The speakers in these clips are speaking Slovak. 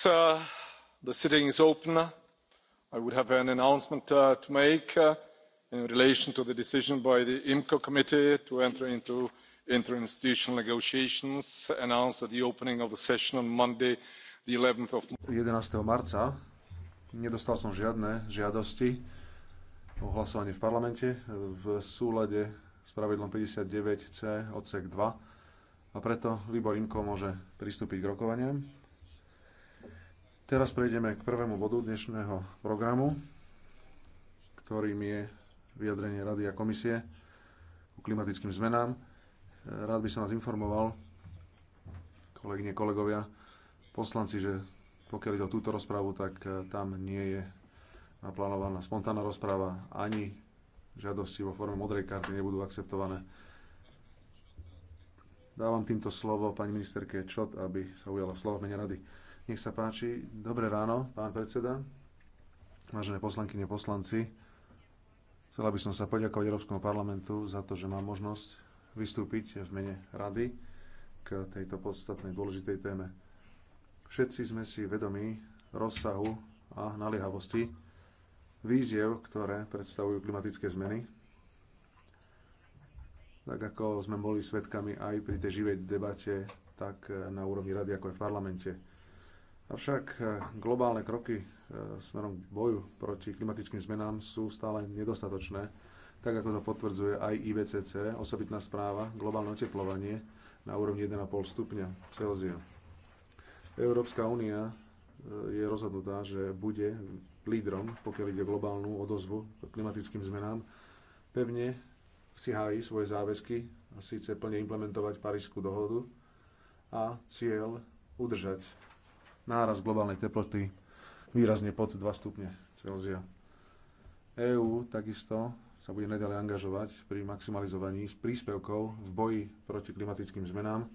Uh, the sitting is open. i would have an announcement uh, to make uh, in relation to the decision by the imco committee to enter into interinstitutional negotiations announced at the opening of the session on monday the eleventh th of 11. marca. Nedostal som žiadne žiadosti o hlasovanie v parlamente v súlade s pravidlom 59c odsek 2 a preto výbor IMCO môže pristúpiť k rokovaniam. Teraz prejdeme k prvému bodu dnešného programu, ktorým je vyjadrenie Rady a komisie ku klimatickým zmenám. Rád by som vás informoval, kolegyne, kolegovia, poslanci, že pokiaľ ide o túto rozprávu, tak e, tam nie je naplánovaná spontánna rozpráva, ani žiadosti vo forme modrej karty nebudú akceptované. Dávam týmto slovo pani ministerke Čot, aby sa ujala slovo mene rady. Nech sa páči. Dobré ráno, pán predseda. Vážené poslankyne, poslanci. Chcela by som sa poďakovať Európskemu parlamentu za to, že mám možnosť vystúpiť v mene rady k tejto podstatnej dôležitej téme. Všetci sme si vedomí rozsahu a naliehavosti víziev, ktoré predstavujú klimatické zmeny. Tak ako sme boli svedkami aj pri tej živej debate, tak na úrovni rady, ako aj v parlamente Avšak eh, globálne kroky eh, smerom k boju proti klimatickým zmenám sú stále nedostatočné, tak ako to potvrdzuje aj IVCC, osobitná správa, globálne oteplovanie na úrovni 1,5 stupňa Celzia. Európska únia eh, je rozhodnutá, že bude lídrom, pokiaľ ide globálnu odozvu k klimatickým zmenám. Pevne si hájí svoje záväzky a síce plne implementovať Parížskú dohodu a cieľ udržať náraz globálnej teploty výrazne pod 2 stupne Celzia. EÚ takisto sa bude nadalej angažovať pri maximalizovaní s príspevkov v boji proti klimatickým zmenám e,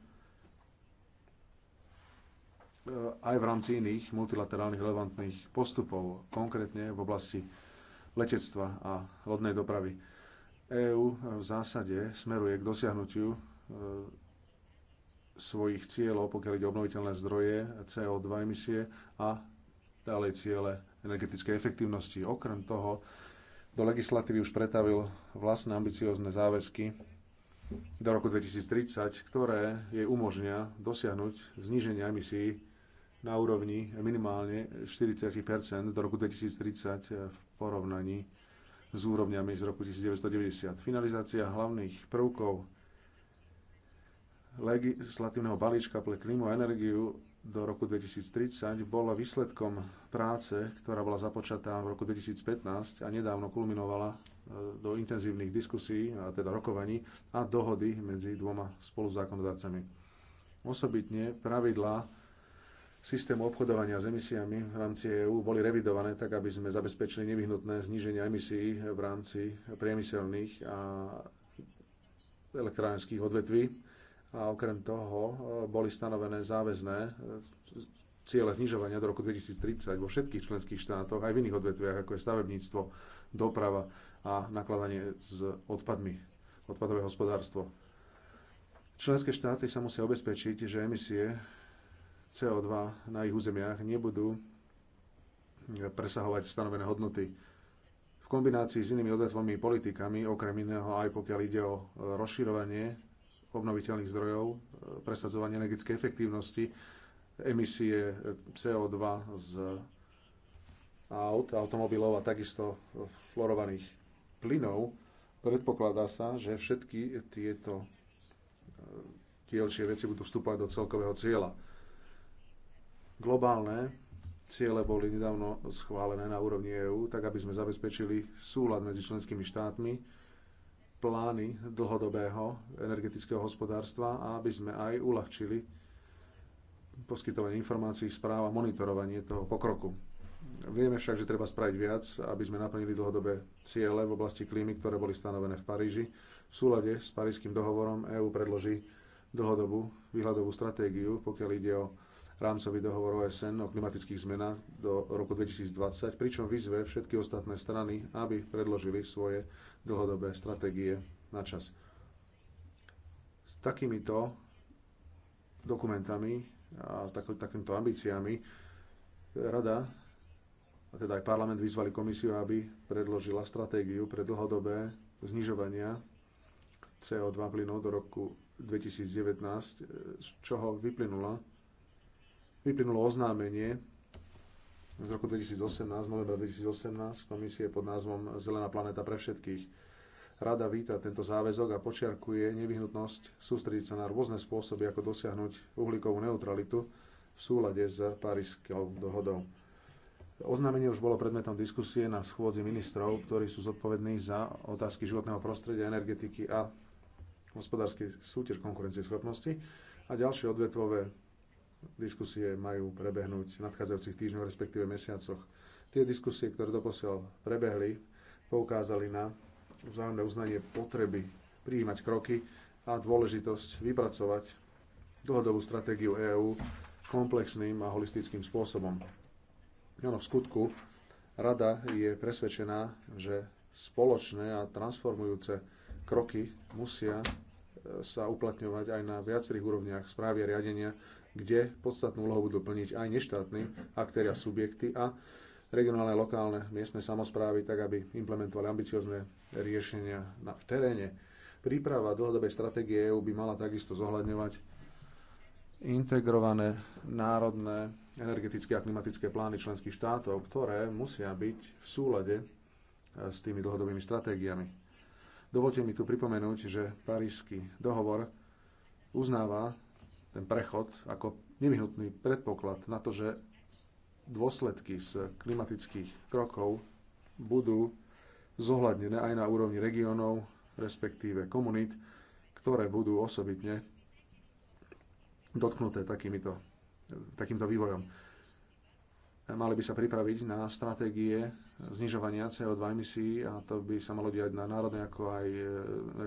aj v rámci iných multilaterálnych relevantných postupov, konkrétne v oblasti letectva a lodnej dopravy. EÚ v zásade smeruje k dosiahnutiu e, svojich cieľov, pokiaľ ide o obnoviteľné zdroje, CO2 emisie a ďalej ciele energetickej efektívnosti. Okrem toho, do legislatívy už pretavil vlastné ambiciózne záväzky do roku 2030, ktoré jej umožnia dosiahnuť zníženie emisí na úrovni minimálne 40 do roku 2030 v porovnaní s úrovňami z roku 1990. Finalizácia hlavných prvkov legislatívneho balíčka pre klímu a energiu do roku 2030 bola výsledkom práce, ktorá bola započatá v roku 2015 a nedávno kulminovala e, do intenzívnych diskusí, a teda rokovaní a dohody medzi dvoma spoluzákonodarcami. Osobitne pravidlá systému obchodovania s emisiami v rámci EÚ boli revidované tak, aby sme zabezpečili nevyhnutné zníženie emisí v rámci priemyselných a elektrárenských odvetví a okrem toho e, boli stanovené záväzné e, ciele znižovania do roku 2030 vo všetkých členských štátoch, aj v iných odvetviach, ako je stavebníctvo, doprava a nakladanie s odpadmi, odpadové hospodárstvo. Členské štáty sa musia obezpečiť, že emisie CO2 na ich územiach nebudú e, presahovať stanovené hodnoty. V kombinácii s inými odvetvami politikami, okrem iného aj pokiaľ ide o rozširovanie obnoviteľných zdrojov, e, presadzovanie energetickej efektívnosti, emisie e, CO2 z aut, automobilov a takisto e, florovaných plynov. Predpokladá sa, že všetky tieto dielčie veci budú vstúpať do celkového cieľa. Globálne ciele boli nedávno schválené na úrovni EÚ, tak aby sme zabezpečili súlad medzi členskými štátmi plány dlhodobého energetického hospodárstva a aby sme aj uľahčili poskytovanie informácií, správ a monitorovanie toho pokroku. Vieme však, že treba spraviť viac, aby sme naplnili dlhodobé ciele v oblasti klímy, ktoré boli stanovené v Paríži. V súlade s Parížským dohovorom EÚ predloží dlhodobú výhľadovú stratégiu, pokiaľ ide o rámcový dohovor OSN o klimatických zmenách do roku 2020, pričom vyzve všetky ostatné strany, aby predložili svoje dlhodobé stratégie na čas. S takýmito dokumentami a taký, takýmito ambíciami Rada a teda aj parlament vyzvali komisiu, aby predložila stratégiu pre dlhodobé znižovania CO2 plynov do roku 2019, z čoho vyplynula vyplynulo oznámenie z roku 2018, novembra 2018, komisie pod názvom Zelená planéta pre všetkých. Rada víta tento záväzok a počiarkuje nevyhnutnosť sústrediť sa na rôzne spôsoby, ako dosiahnuť uhlíkovú neutralitu v súlade s Parískou dohodou. Oznámenie už bolo predmetom diskusie na schôdzi ministrov, ktorí sú zodpovední za otázky životného prostredia, energetiky a hospodárskej súťaž konkurencie schopnosti a ďalšie odvetvové Diskusie majú prebehnúť v nadchádzajúcich týždňoch, respektíve mesiacoch. Tie diskusie, ktoré doposiaľ prebehli, poukázali na vzájomné uznanie potreby prijímať kroky a dôležitosť vypracovať dlhodobú stratégiu EÚ komplexným a holistickým spôsobom. Ono v skutku, rada je presvedčená, že spoločné a transformujúce kroky musia e, sa uplatňovať aj na viacerých úrovniach správy a riadenia kde podstatnú úlohu budú plniť aj neštátni aktéria subjekty a regionálne, lokálne, miestne samozprávy, tak aby implementovali ambiciozne riešenia na, v teréne. Príprava dlhodobej stratégie EÚ by mala takisto zohľadňovať integrované národné energetické a klimatické plány členských štátov, ktoré musia byť v súlade e, s tými dlhodobými stratégiami. Dovolte mi tu pripomenúť, že Parížský dohovor uznáva ten prechod ako nevyhnutný predpoklad na to, že dôsledky z klimatických krokov budú zohľadnené aj na úrovni regiónov, respektíve komunít, ktoré budú osobitne dotknuté takýmito, takýmto vývojom. Mali by sa pripraviť na stratégie znižovania CO2 emisí a to by sa malo diať na národnej ako aj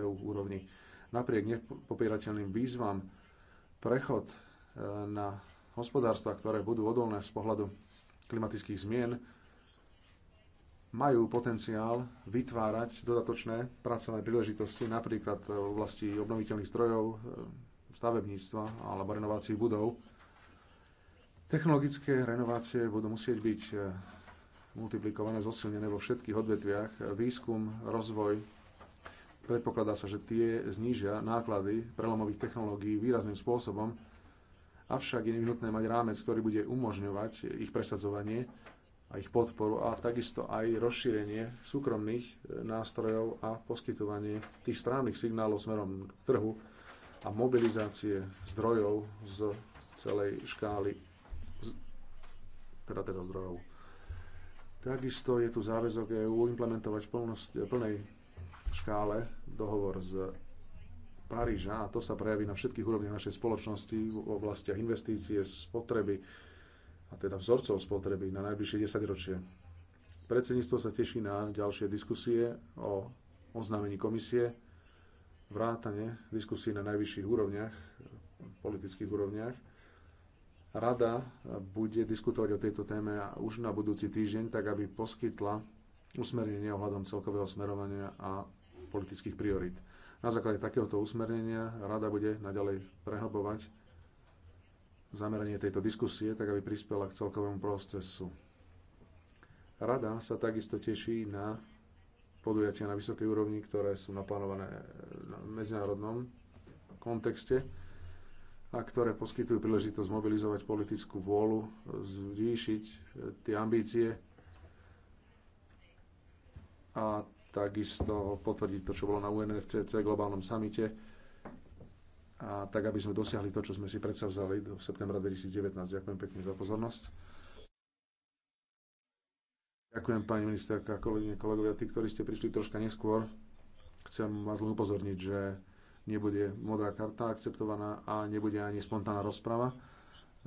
EU e úrovni. Napriek nepopierateľným výzvam Prechod e, na hospodárstva, ktoré budú odolné z pohľadu klimatických zmien, majú potenciál vytvárať dodatočné pracovné príležitosti, napríklad v oblasti obnoviteľných zdrojov, e, stavebníctva alebo renovácií budov. Technologické renovácie budú musieť byť e, multiplikované, zosilnené vo všetkých odvetviach. Výskum, rozvoj, Predpokladá sa, že tie znížia náklady prelomových technológií výrazným spôsobom, avšak je nevyhnutné mať rámec, ktorý bude umožňovať ich presadzovanie a ich podporu a takisto aj rozšírenie súkromných e, nástrojov a poskytovanie tých správnych signálov smerom k trhu a mobilizácie zdrojov z celej škály teda teda zdrojov. Takisto je tu záväzok EU implementovať v plnej škále dohovor z Paríža a to sa prejaví na všetkých úrovniach našej spoločnosti v oblastiach investície, spotreby a teda vzorcov spotreby na najbližšie 10 ročie. Predsedníctvo sa teší na ďalšie diskusie o oznámení komisie, vrátane diskusie na najvyšších úrovniach, politických úrovniach. Rada bude diskutovať o tejto téme už na budúci týždeň, tak aby poskytla usmernenie ohľadom celkového smerovania a politických priorít. Na základe takéhoto usmernenia rada bude naďalej prehlbovať zameranie tejto diskusie, tak aby prispela k celkovému procesu. Rada sa takisto teší na podujatia na vysokej úrovni, ktoré sú naplánované na medzinárodnom kontexte a ktoré poskytujú príležitosť mobilizovať politickú vôľu, zvýšiť tie ambície a takisto potvrdiť to, čo bolo na UNFCC globálnom samite a tak, aby sme dosiahli to, čo sme si predsa vzali do septembra 2019. Ďakujem pekne za pozornosť. Ďakujem pani ministerka, kolegyne, kolegovia. Tí, ktorí ste prišli troška neskôr, chcem vás len upozorniť, že nebude modrá karta akceptovaná a nebude ani spontánna rozprava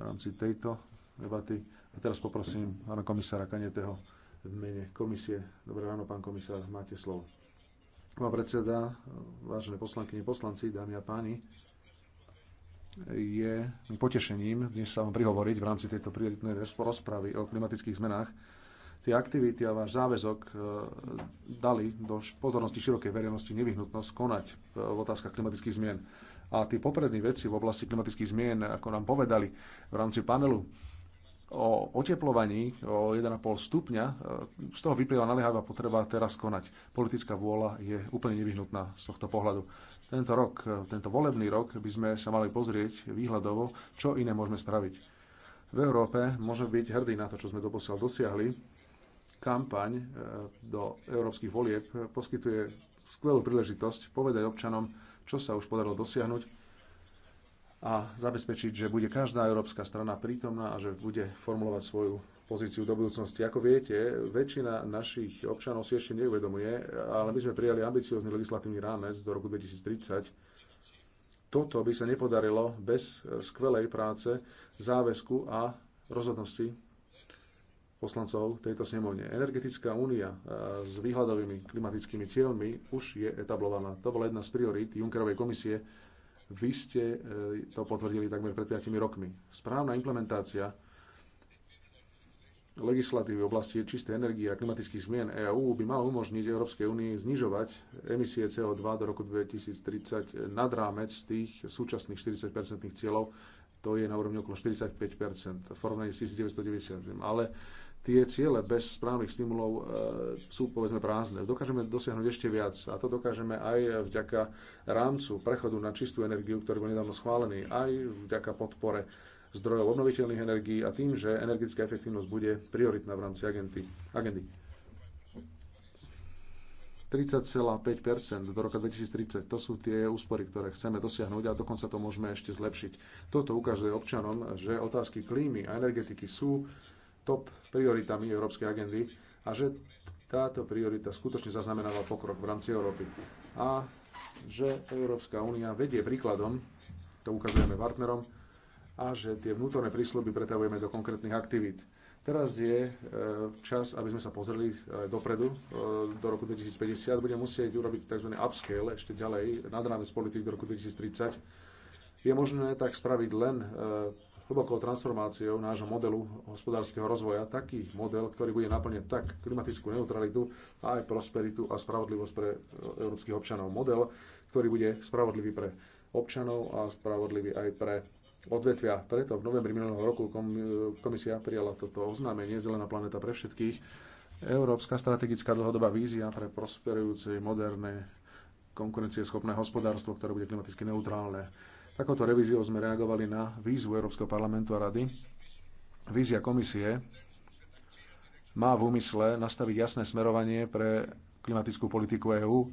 v rámci tejto debaty. A teraz poprosím pána komisára Kaneteho v mene komisie. Dobré ráno, pán komisár, máte slovo. Pán predseda, vážené poslankyne, poslanci, dámy a páni, je potešením dnes sa vám prihovoriť v rámci tejto prioritnej rozpravy o klimatických zmenách. Tie aktivity a váš záväzok e, dali do pozornosti širokej verejnosti nevyhnutnosť konať e, v otázkach klimatických zmien. A tie poprední veci v oblasti klimatických zmien, ako nám povedali v rámci panelu, o oteplovaní o 1,5 stupňa, e, z toho vyplýva naliehavá potreba teraz konať. Politická vôľa je úplne nevyhnutná z tohto pohľadu. Tento rok, e, tento volebný rok by sme sa mali pozrieť výhľadovo, čo iné môžeme spraviť. V Európe môžeme byť hrdí na to, čo sme doposiaľ dosiahli. Kampaň e, do európskych volieb poskytuje skvelú príležitosť povedať občanom, čo sa už podarilo dosiahnuť a zabezpečiť, že bude každá európska strana prítomná a že bude formulovať svoju pozíciu do budúcnosti. Ako viete, väčšina našich občanov si ešte neuvedomuje, ale my sme prijali ambiciózny legislatívny rámec do roku 2030. Toto by sa nepodarilo bez eh, skvelej práce, záväzku a rozhodnosti poslancov tejto snemovne. Energetická únia eh, s výhľadovými klimatickými cieľmi už je etablovaná. To bola jedna z priorít Junckerovej komisie vy ste e, to potvrdili takmer pred 5 rokmi. Správna implementácia legislatívy v oblasti čistej energie a klimatických zmien EÚ by mala umožniť Európskej únii znižovať emisie CO2 do roku 2030 nad rámec tých súčasných 40-percentných cieľov. To je na úrovni okolo 45 v porovnaní s 1990. Ale tie ciele bez správnych stimulov e, sú povedzme prázdne. Dokážeme dosiahnuť ešte viac a to dokážeme aj vďaka rámcu prechodu na čistú energiu, ktorý bol nedávno schválený, aj vďaka podpore zdrojov obnoviteľných energií a tým, že energetická efektívnosť bude prioritná v rámci agenty, agendy. 30,5 do roka 2030. To sú tie úspory, ktoré chceme dosiahnuť a dokonca to môžeme ešte zlepšiť. Toto ukazuje občanom, že otázky klímy a energetiky sú top prioritami európskej agendy a že táto priorita skutočne zaznamenáva pokrok v rámci Európy. A že Európska únia vedie príkladom, to ukazujeme partnerom, a že tie vnútorné prísľuby pretavujeme do konkrétnych aktivít. Teraz je e, čas, aby sme sa pozreli e, dopredu. E, do roku 2050 budeme musieť urobiť tzv. upscale ešte ďalej, nad rámec politik do roku 2030. Je možné tak spraviť len hlbokou transformáciou nášho modelu hospodárskeho rozvoja taký model, ktorý bude naplňať tak klimatickú neutralitu a aj prosperitu a spravodlivosť pre e, európskych občanov. Model, ktorý bude spravodlivý pre občanov a spravodlivý aj pre odvetvia. Preto v novembri minulého roku e, komisia prijala toto oznámenie Zelená planeta pre všetkých. Európska strategická dlhodobá vízia pre prosperujúce, moderné, konkurencieschopné hospodárstvo, ktoré bude klimaticky neutrálne Takouto revíziou sme reagovali na výzvu Európskeho parlamentu a rady. Vízia komisie má v úmysle nastaviť jasné smerovanie pre klimatickú politiku EÚ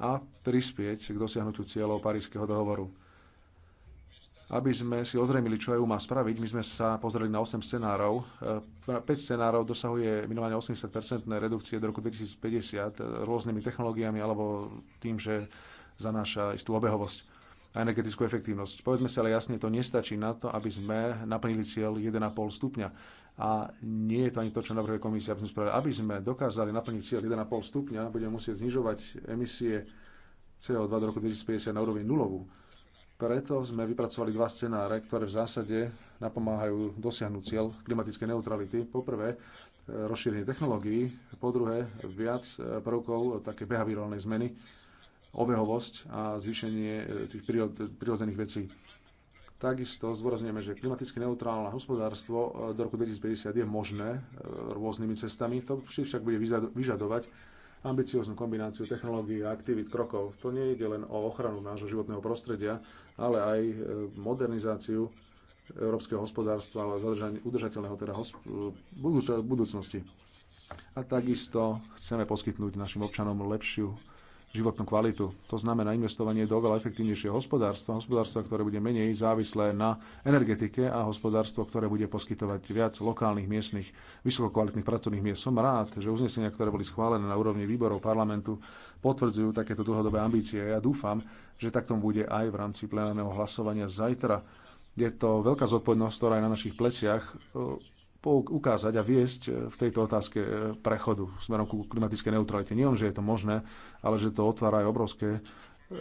a prispieť k dosiahnutiu cieľov Parískeho dohovoru. Aby sme si ozrejmili, čo EU má spraviť, my sme sa pozreli na 8 scenárov. 5 e, scenárov dosahuje minimálne 80 redukcie do roku 2050 rôznymi technológiami alebo tým, že zanáša istú obehovosť a energetickú efektívnosť. Povedzme sa ale jasne, to nestačí na to, aby sme naplnili cieľ 1,5 stupňa. A nie je to ani to, čo navrhuje komisia, aby sme, spravili. aby sme dokázali naplniť cieľ 1,5 stupňa, budeme musieť znižovať emisie CO2 do roku 2050 na úroveň nulovú. Preto sme vypracovali dva scenáre, ktoré v zásade napomáhajú dosiahnuť cieľ klimatickej neutrality. Poprvé, rozšírenie technológií, po druhé, viac prvkov také behaviorálnej zmeny, obehovosť a zvýšenie e, tých prirodzených vecí. Takisto zdôrazňujeme, že klimaticky neutrálne hospodárstvo e, do roku 2050 je možné e, rôznymi cestami. To však bude vyžadovať ambicióznu kombináciu technológií a aktivít krokov. To nie ide len o ochranu nášho životného prostredia, ale aj modernizáciu európskeho hospodárstva a udržateľného teda budúcnosti. A takisto chceme poskytnúť našim občanom lepšiu životnú kvalitu. To znamená investovanie do oveľa efektívnejšieho hospodárstva, hospodárstva, ktoré bude menej závislé na energetike a hospodárstvo, ktoré bude poskytovať viac lokálnych, miestnych, vysokokvalitných pracovných miest. Som rád, že uznesenia, ktoré boli schválené na úrovni výborov parlamentu, potvrdzujú takéto dlhodobé ambície. Ja dúfam, že tak tomu bude aj v rámci plenárneho hlasovania zajtra. Je to veľká zodpovednosť, ktorá je na našich pleciach ukázať a viesť e, v tejto otázke e, prechodu smerom ku klimatickej neutralite. Nie len, že je to možné, ale že to otvára aj obrovské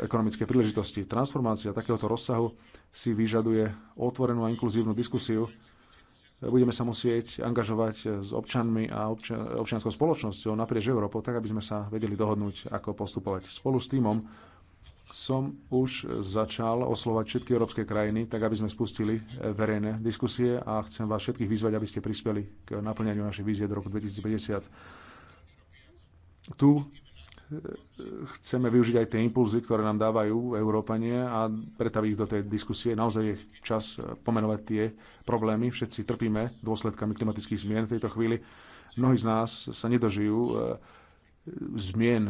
ekonomické príležitosti. Transformácia takéhoto rozsahu si vyžaduje otvorenú a inkluzívnu diskusiu. Budeme sa musieť angažovať s občanmi a občianskou spoločnosťou naprieč Európou, tak aby sme sa vedeli dohodnúť, ako postupovať. Spolu s týmom som už začal oslovať všetky európske krajiny, tak aby sme spustili eh, verejné diskusie a chcem vás všetkých vyzvať, aby ste prispeli k naplňaniu našej vízie do roku 2050. Tu eh, chceme využiť aj tie impulzy, ktoré nám dávajú Európania a pretaviť ich do tej diskusie. Naozaj je čas eh, pomenovať tie problémy. Všetci trpíme dôsledkami klimatických zmien v tejto chvíli. Mnohí z nás sa nedožijú zmien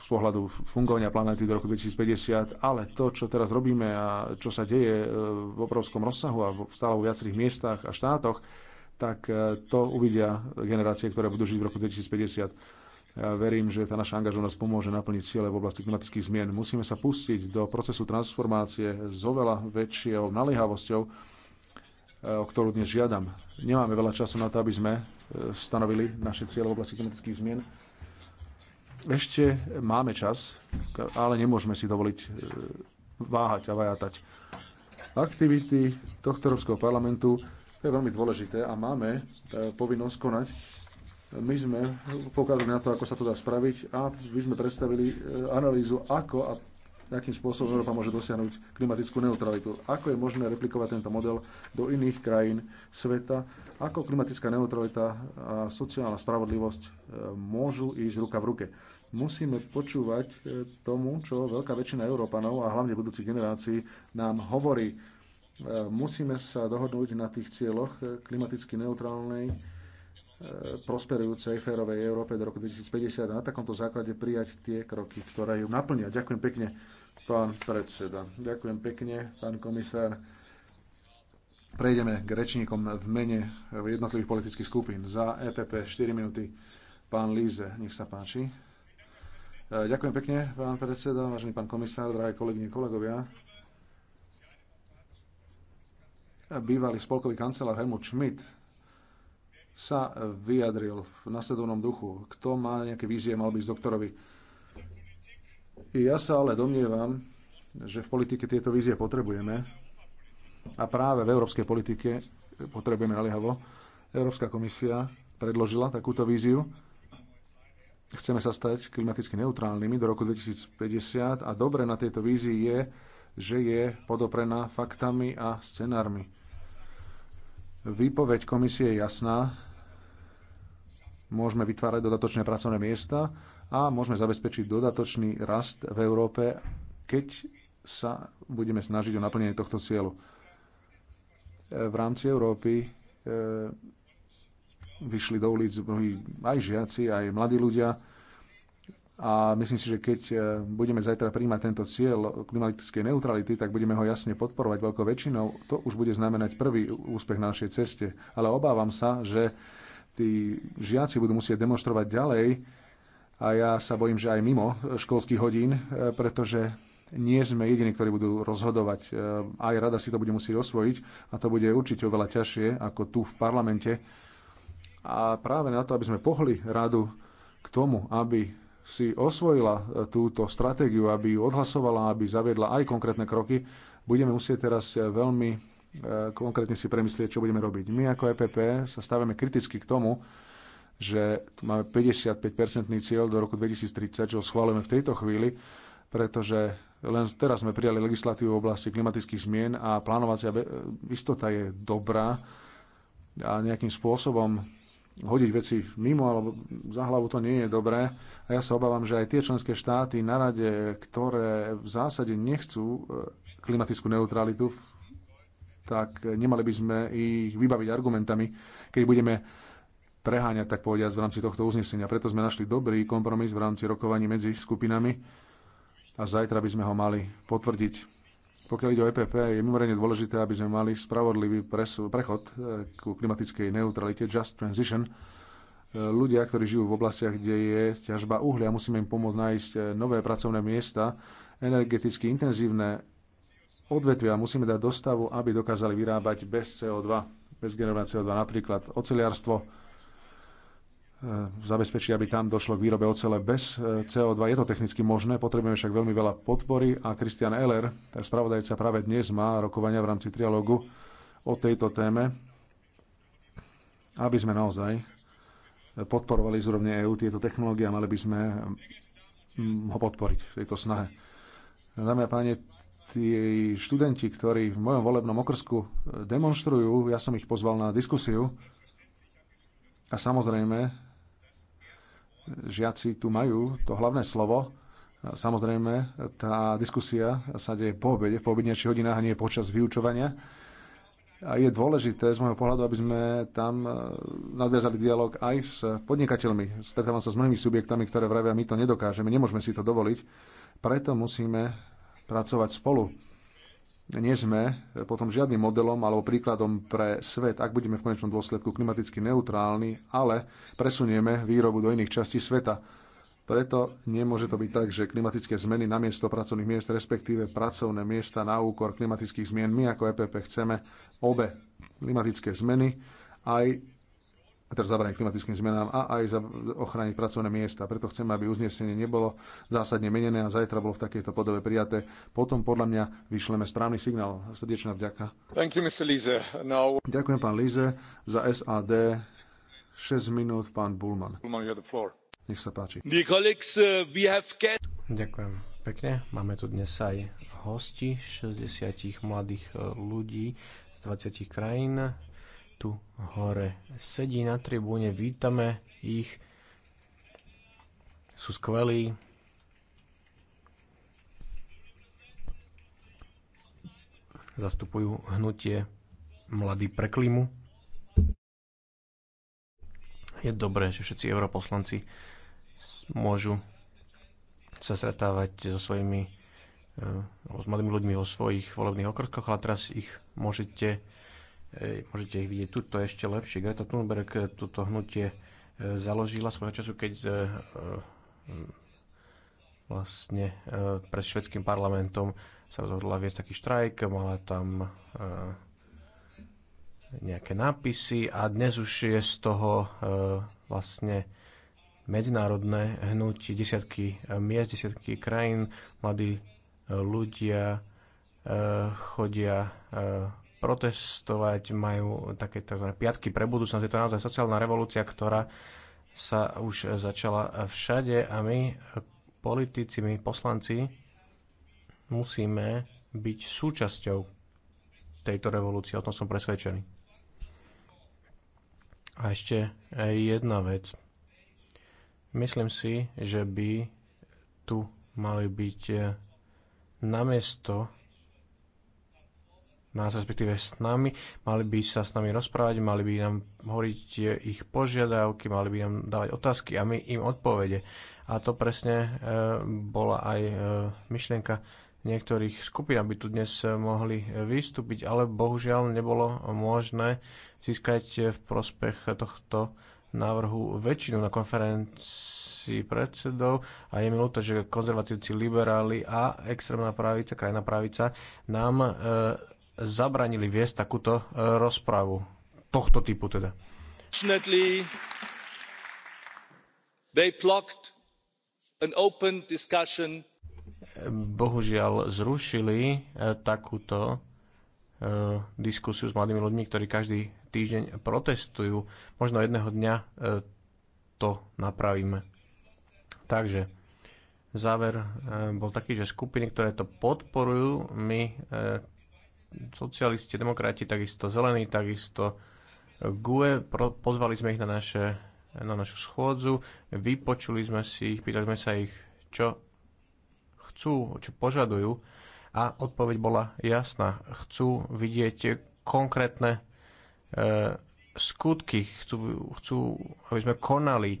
z pohľadu fungovania planéty do roku 2050, ale to, čo teraz robíme a čo sa deje e, v obrovskom rozsahu a stále vo viacerých miestach a štátoch, tak e, to uvidia generácie, ktoré budú žiť v roku 2050. Ja e, verím, že tá naša angažovanosť pomôže naplniť ciele v oblasti klimatických zmien. Musíme sa pustiť do procesu transformácie s oveľa väčšou naliehavosťou, o ktorú dnes žiadam. Nemáme veľa času na to, aby sme stanovili naše ciele v oblasti klimatických zmien ešte máme čas, ale nemôžeme si dovoliť e, váhať a vajatať. Aktivity tohto Európskeho parlamentu je veľmi dôležité a máme e, povinnosť konať. My sme pokázali na to, ako sa to dá spraviť a my sme predstavili e, analýzu, ako a akým spôsobom Európa môže dosiahnuť klimatickú neutralitu. Ako je možné replikovať tento model do iných krajín sveta? Ako klimatická neutralita a sociálna spravodlivosť e, môžu ísť ruka v ruke? Musíme počúvať e, tomu, čo veľká väčšina Európanov a hlavne budúcich generácií nám hovorí. E, musíme sa dohodnúť na tých cieľoch klimaticky neutrálnej prosperujúcej férovej Európe do roku 2050 a na takomto základe prijať tie kroky, ktoré ju naplnia. Ďakujem pekne. Pán predseda, ďakujem pekne, pán komisár. Prejdeme k rečníkom v mene jednotlivých politických skupín. Za EPP 4 minúty pán Líze, nech sa páči. E, ďakujem pekne, pán predseda, vážený pán komisár, drahé kolegyne, kolegovia. Bývalý spolkový kancelár Helmut Schmidt sa vyjadril v nasledovnom duchu. Kto má nejaké vízie, mal byť doktorovi ja sa ale domnievam, že v politike tieto vízie potrebujeme a práve v európskej politike potrebujeme naliehavo. Európska komisia predložila takúto víziu. Chceme sa stať klimaticky neutrálnymi do roku 2050 a dobre na tejto vízii je, že je podoprená faktami a scenármi. Výpoveď komisie je jasná. Môžeme vytvárať dodatočné pracovné miesta, a môžeme zabezpečiť dodatočný rast v Európe, keď sa budeme snažiť o naplnenie tohto cieľu. V rámci Európy e, vyšli do ulic mnohí aj žiaci, aj mladí ľudia, a myslím si, že keď e, budeme zajtra príjmať tento cieľ klimatickej neutrality, tak budeme ho jasne podporovať veľkou väčšinou. To už bude znamenať prvý úspech na našej ceste. Ale obávam sa, že tí žiaci budú musieť demonstrovať ďalej a ja sa bojím, že aj mimo školských hodín, e, pretože nie sme jediní, ktorí budú rozhodovať. E, aj rada si to bude musieť osvojiť a to bude určite oveľa ťažšie ako tu v parlamente. A práve na to, aby sme pohli radu k tomu, aby si osvojila e, túto stratégiu, aby ju odhlasovala, aby zaviedla aj konkrétne kroky, budeme musieť teraz veľmi konkrétne si premyslieť, čo budeme robiť. My ako EPP sa stávame kriticky k tomu, že tu máme 55-percentný cieľ do roku 2030, čo schválujeme v tejto chvíli, pretože len teraz sme prijali legislatívu v oblasti klimatických zmien a plánovacia istota je dobrá a nejakým spôsobom hodiť veci mimo alebo za hlavu to nie je dobré. A ja sa obávam, že aj tie členské štáty na rade, ktoré v zásade nechcú e, klimatickú neutralitu, tak nemali by sme ich vybaviť argumentami, keď budeme preháňať, tak povediať, v rámci tohto uznesenia. Preto sme našli dobrý kompromis v rámci rokovaní medzi skupinami a zajtra by sme ho mali potvrdiť. Pokiaľ ide o EPP, je mimoriadne dôležité, aby sme mali spravodlivý presu, prechod e, ku klimatickej neutralite, just transition. E, ľudia, ktorí žijú v oblastiach, kde je ťažba uhlia, musíme im pomôcť nájsť e, nové pracovné miesta, energeticky intenzívne odvetvia musíme dať dostavu, aby dokázali vyrábať bez CO2, bez generovania CO2, napríklad oceliarstvo, E, zabezpečí, aby tam došlo k výrobe ocele bez e, CO2. Je to technicky možné, potrebujeme však veľmi veľa podpory a Christian Eller, spravodajca práve dnes má rokovania v rámci trialógu o tejto téme, aby sme naozaj podporovali z úrovne EÚ tieto technológie a mali by sme mm, ho podporiť v tejto snahe. Dámy a páni, tí študenti, ktorí v mojom volebnom okrsku e, demonstrujú, ja som ich pozval na diskusiu, a samozrejme, žiaci tu majú to hlavné slovo. Samozrejme, tá diskusia sa deje po obede, po obednejších hodinách a nie počas vyučovania. A je dôležité z môjho pohľadu, aby sme tam e, nadviazali dialog aj s podnikateľmi. Stretávam sa s mnohými subjektami, ktoré vravia, my to nedokážeme, nemôžeme si to dovoliť. Preto musíme pracovať spolu nie sme potom žiadnym modelom alebo príkladom pre svet, ak budeme v konečnom dôsledku klimaticky neutrálni, ale presunieme výrobu do iných častí sveta. Preto nemôže to byť tak, že klimatické zmeny na miesto pracovných miest, respektíve pracovné miesta na úkor klimatických zmien, my ako EPP chceme obe klimatické zmeny, aj Teraz zabrániť klimatickým zmenám a aj za ochrániť pracovné miesta. Preto chceme, aby uznesenie nebolo zásadne menené a zajtra bolo v takejto podobe prijaté. Potom podľa mňa vyšleme správny signál. Srdečná vďaka. Thank you, Mr. Lise. Now... Ďakujem pán Líze za SAD. 6 minút pán Bulman. Bulman you have the floor. Nech sa páči. Uh, Ďakujem pekne. Máme tu dnes aj hosti 60 mladých uh, ľudí z 20 krajín tu hore sedí na tribúne. Vítame ich. Sú skvelí. Zastupujú hnutie Mladý pre klímu. Je dobré, že všetci europoslanci môžu sa stretávať so svojimi eh, s mladými ľuďmi vo svojich volebných okrskoch, ale teraz ich môžete môžete ich vidieť tu, to je ešte lepšie. Greta Thunberg toto hnutie e, založila svojho času, keď e, e, vlastne pred švedským parlamentom sa rozhodla viesť taký štrajk, mala tam nejaké nápisy a dnes už je z toho vlastne medzinárodné hnutie, desiatky miest, desiatky krajín, mladí ľudia chodia protestovať, majú také tzv. piatky pre budúcnosť. Je to naozaj sociálna revolúcia, ktorá sa už začala všade a my, politici, my poslanci, musíme byť súčasťou tejto revolúcie. O tom som presvedčený. A ešte jedna vec. Myslím si, že by tu mali byť eh, namiesto nás, respektíve s nami, mali by sa s nami rozprávať, mali by nám hovoriť ich požiadavky, mali by nám dávať otázky a my im odpovede. A to presne e, bola aj e, myšlienka niektorých skupín, aby tu dnes mohli vystúpiť, ale bohužiaľ nebolo možné získať v prospech tohto návrhu väčšinu na konferencii predsedov a je mi ľúto, že konzervatívci, liberáli a extrémna pravica, krajná pravica nám e, zabranili viesť takúto e, rozprávu. Tohto typu teda. Bohužiaľ zrušili e, takúto e, diskusiu s mladými ľuďmi, ktorí každý týždeň protestujú. Možno jedného dňa to napravíme. Takže záver bol taký, že skupiny, ktoré to podporujú, my socialisti, demokrati, takisto zelení, takisto GUE. Pozvali sme ich na, naše, na našu schôdzu, vypočuli sme si ich, pýtali sme sa ich, čo chcú, čo požadujú a odpoveď bola jasná. Chcú vidieť konkrétne e, skutky, chcú, chcú, aby sme konali. E,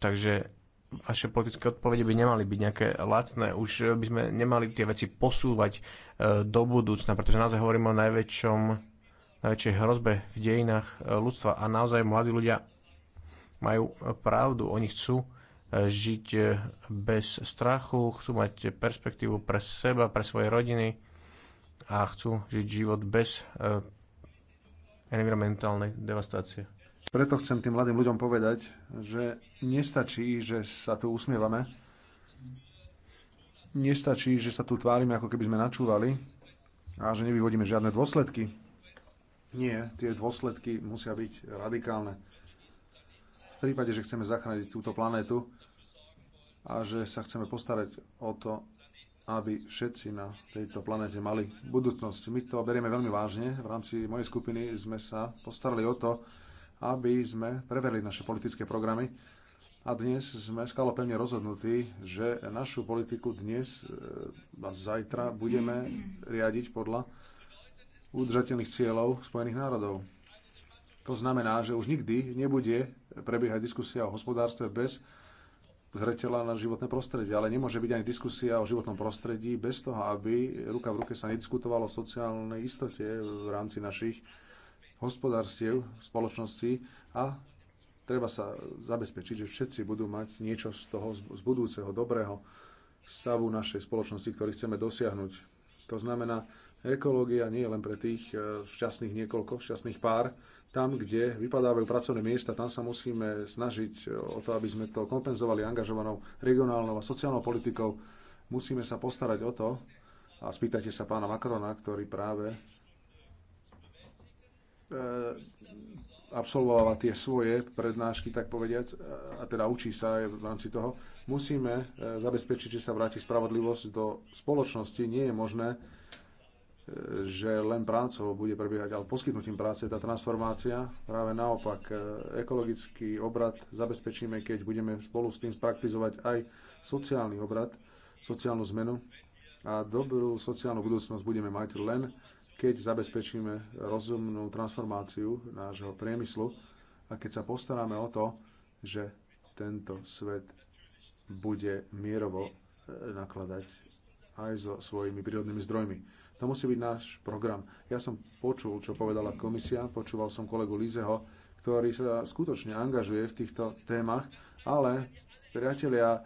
takže vaše politické odpovede by nemali byť nejaké lacné. Už eh, by sme nemali tie veci posúvať eh, do budúcna, pretože naozaj hovoríme o najväčšom, najväčšej hrozbe v dejinách eh, ľudstva. A naozaj mladí ľudia majú pravdu. Oni chcú žiť bez strachu, chcú mať perspektívu pre seba, pre svoje rodiny a chcú žiť život bez environmentálnej devastácie. Preto chcem tým mladým ľuďom povedať, že nestačí, že sa tu usmievame, nestačí, že sa tu tvárime, ako keby sme načúvali a že nevyvodíme žiadne dôsledky. Nie, tie dôsledky musia byť radikálne. V prípade, že chceme zachrániť túto planétu a že sa chceme postarať o to, aby všetci na tejto planete mali budúcnosť. My to berieme veľmi vážne. V rámci mojej skupiny sme sa postarali o to, aby sme preverili naše politické programy. A dnes sme skalopevne rozhodnutí, že našu politiku dnes e, a zajtra budeme riadiť podľa udržateľných cieľov Spojených národov. To znamená, že už nikdy nebude prebiehať diskusia o hospodárstve bez zretela na životné prostredie, ale nemôže byť ani diskusia o životnom prostredí bez toho, aby ruka v ruke sa nediskutovalo o sociálnej istote v rámci našich hospodárstiev spoločnosti a treba sa zabezpečiť, že všetci budú mať niečo z toho, z budúceho dobrého stavu našej spoločnosti, ktorý chceme dosiahnuť. To znamená, ekológia nie je len pre tých e, šťastných niekoľko, šťastných pár. Tam, kde vypadávajú pracovné miesta, tam sa musíme snažiť o to, aby sme to kompenzovali angažovanou regionálnou a sociálnou politikou. Musíme sa postarať o to, a spýtajte sa pána Makrona, ktorý práve E, absolvováva tie svoje prednášky, tak povediac, a teda učí sa aj v rámci toho, musíme e, zabezpečiť, že sa vráti spravodlivosť do spoločnosti. Nie je možné, e, že len prácou bude prebiehať, ale poskytnutím práce tá transformácia. Práve naopak, ekologický obrad zabezpečíme, keď budeme spolu s tým spraktizovať aj sociálny obrad, sociálnu zmenu a dobrú sociálnu budúcnosť budeme mať len keď zabezpečíme rozumnú transformáciu nášho priemyslu a keď sa postaráme o to, že tento svet bude mierovo e, nakladať aj so svojimi prírodnými zdrojmi. To musí byť náš program. Ja som počul, čo povedala komisia, počúval som kolegu Lizeho, ktorý sa skutočne angažuje v týchto témach, ale priatelia,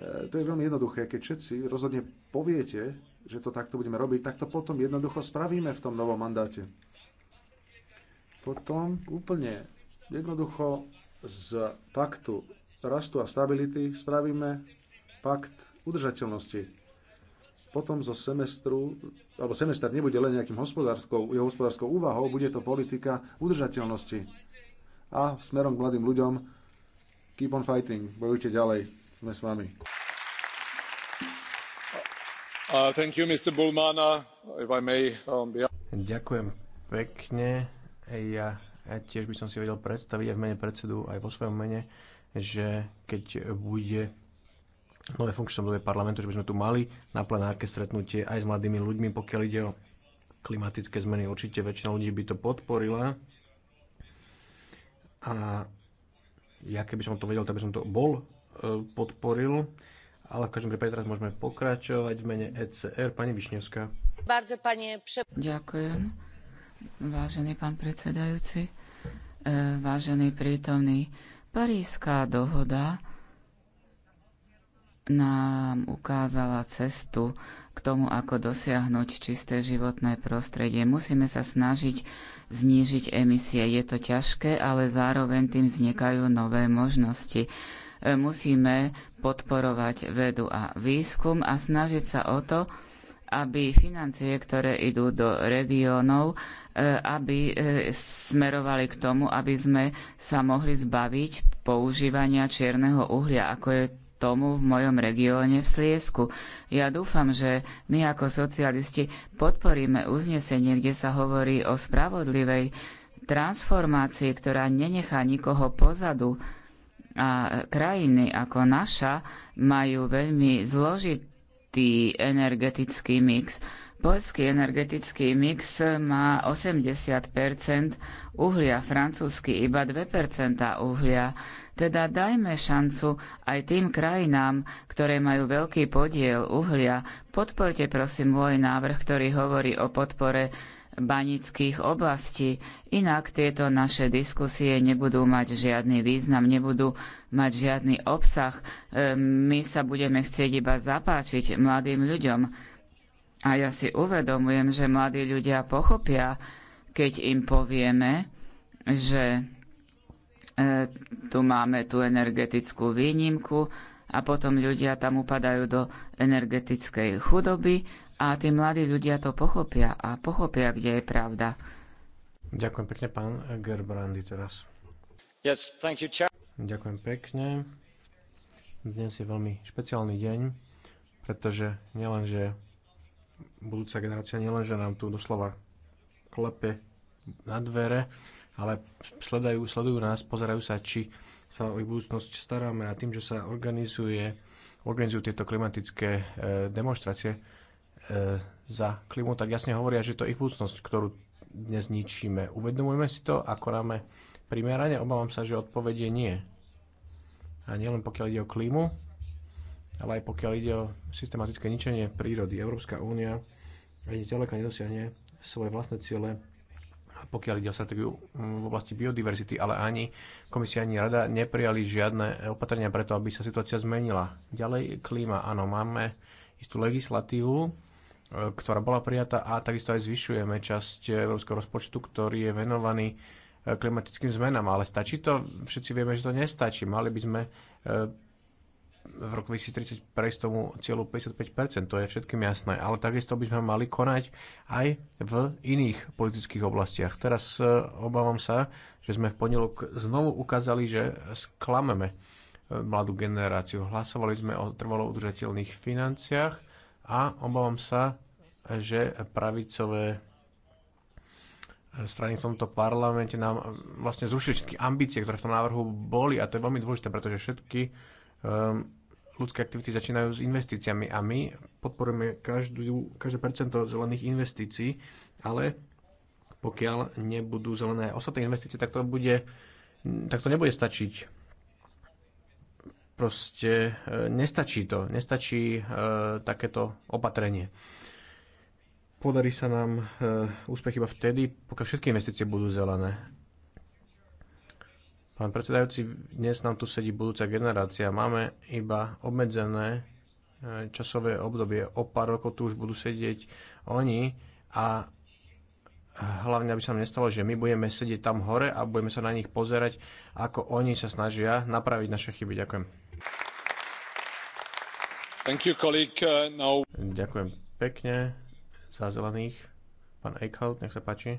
e, to je veľmi jednoduché, keď všetci rozhodne poviete, že to takto budeme robiť, tak to potom jednoducho spravíme v tom novom mandáte. Potom úplne jednoducho z paktu rastu a stability spravíme pakt udržateľnosti. Potom zo semestru, alebo semestr nebude len nejakým hospodárskou, jeho hospodárskou úvahou, bude to politika udržateľnosti. A smerom k mladým ľuďom, keep on fighting, bojujte ďalej, sme s vami. Uh, um, Ďakujem pekne. Ja, ja tiež by som si vedel predstaviť aj v mene predsedu, aj vo svojom mene, že keď bude nové funkčné obdobie parlamentu, že by sme tu mali na plenárke stretnutie aj s mladými ľuďmi, pokiaľ ide o klimatické zmeny. Určite väčšina ľudí by to podporila. A ja keby som to vedel, tak by som to bol e, podporil ale v každom prípade teraz môžeme pokračovať v mene ECR. Pani Višňovská. Ďakujem. Vážený pán predsedajúci, e, vážený prítomný, Parížská dohoda nám ukázala cestu k tomu, ako dosiahnuť čisté životné prostredie. Musíme sa snažiť znížiť emisie. Je to ťažké, ale zároveň tým vznikajú nové možnosti. E, musíme podporovať vedu a výskum a snažiť sa o to, aby financie, ktoré idú do regiónov, e, aby e, smerovali k tomu, aby sme sa mohli zbaviť používania čierneho uhlia, ako je tomu v mojom regióne v Sliesku. Ja dúfam, že my ako socialisti podporíme uznesenie, kde sa hovorí o spravodlivej transformácii, ktorá nenechá nikoho pozadu, a krajiny ako naša majú veľmi zložitý energetický mix. Polský energetický mix má 80 uhlia, francúzsky iba 2 uhlia. Teda dajme šancu aj tým krajinám, ktoré majú veľký podiel uhlia. Podporte prosím môj návrh, ktorý hovorí o podpore banických oblastí. Inak tieto naše diskusie nebudú mať žiadny význam, nebudú mať žiadny obsah. E, my sa budeme chcieť iba zapáčiť mladým ľuďom. A ja si uvedomujem, že mladí ľudia pochopia, keď im povieme, že e, tu máme tú energetickú výnimku a potom ľudia tam upadajú do energetickej chudoby a tí mladí ľudia to pochopia a pochopia, kde je pravda. Ďakujem pekne, pán Gerbrandy teraz. Yes, thank you, Ďakujem pekne. Dnes je veľmi špeciálny deň, pretože nielenže budúca generácia nielenže nám tu doslova klepe na dvere, ale sledajú, sledujú nás, pozerajú sa, či sa o ich budúcnosť staráme a tým, že sa organizuje, organizujú tieto klimatické eh, demonstrácie, E, za klimu, tak jasne hovoria, že to je ich budúcnosť, ktorú dnes ničíme. Uvedomujeme si to a konáme primerane? Obávam sa, že odpovedie nie. A nielen pokiaľ ide o klímu, ale aj pokiaľ ide o systematické ničenie prírody. Európska únia ani ďaleka nedosiahne svoje vlastné ciele, pokiaľ ide o stratégiu mm, v oblasti biodiverzity, ale ani komisia, ani rada neprijali žiadne opatrenia preto, aby sa situácia zmenila. Ďalej klíma. Áno, máme istú legislatívu, E, ktorá bola prijatá a takisto aj zvyšujeme časť európskeho rozpočtu, ktorý je venovaný e, klimatickým zmenám. Ale stačí to? Všetci vieme, že to nestačí. Mali by sme e, v roku 2030 prejsť tomu cieľu 55%, to je všetkým jasné. Ale takisto by sme mali konať aj v iných politických oblastiach. Teraz obávam sa, že sme v pondelok znovu ukázali, že sklameme mladú generáciu. Hlasovali sme o trvalo udržateľných financiách, a obávam sa, že pravicové strany v tomto parlamente nám vlastne zrušili všetky ambície, ktoré v tom návrhu boli a to je veľmi dôležité, pretože všetky um, ľudské aktivity začínajú s investíciami a my podporujeme každú, každé percento zelených investícií, ale pokiaľ nebudú zelené ostatné investície, tak to, bude, tak to nebude stačiť proste e, nestačí to, nestačí e, takéto opatrenie. Podarí sa nám e, úspech iba vtedy, pokiaľ všetky investície budú zelené. Pán predsedajúci, dnes nám tu sedí budúca generácia. Máme iba obmedzené časové obdobie. O pár rokov tu už budú sedieť oni a hlavne aby sa nám nestalo, že my budeme sedieť tam hore a budeme sa na nich pozerať, ako oni sa snažia napraviť naše chyby. Ďakujem. Uh, ďakujem pekne za zelených. Pán Eichhout, nech sa páči.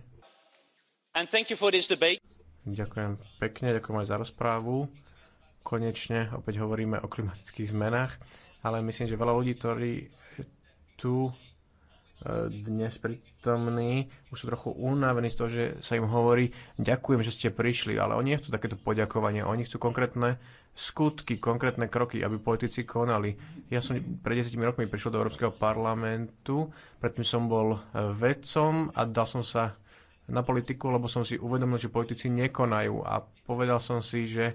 Ďakujem pekne, ďakujem aj za rozprávu. Konečne opäť hovoríme o klimatických zmenách, ale myslím, že veľa ľudí, ktorí tu dnes prítomní už sú trochu unavení z toho, že sa im hovorí ďakujem, že ste prišli, ale oni nechcú takéto poďakovanie, oni chcú konkrétne skutky, konkrétne kroky, aby politici konali. Ja som pred 10 rokmi prišiel do Európskeho parlamentu, predtým som bol e, vedcom a dal som sa na politiku, lebo som si uvedomil, že politici nekonajú a povedal som si, že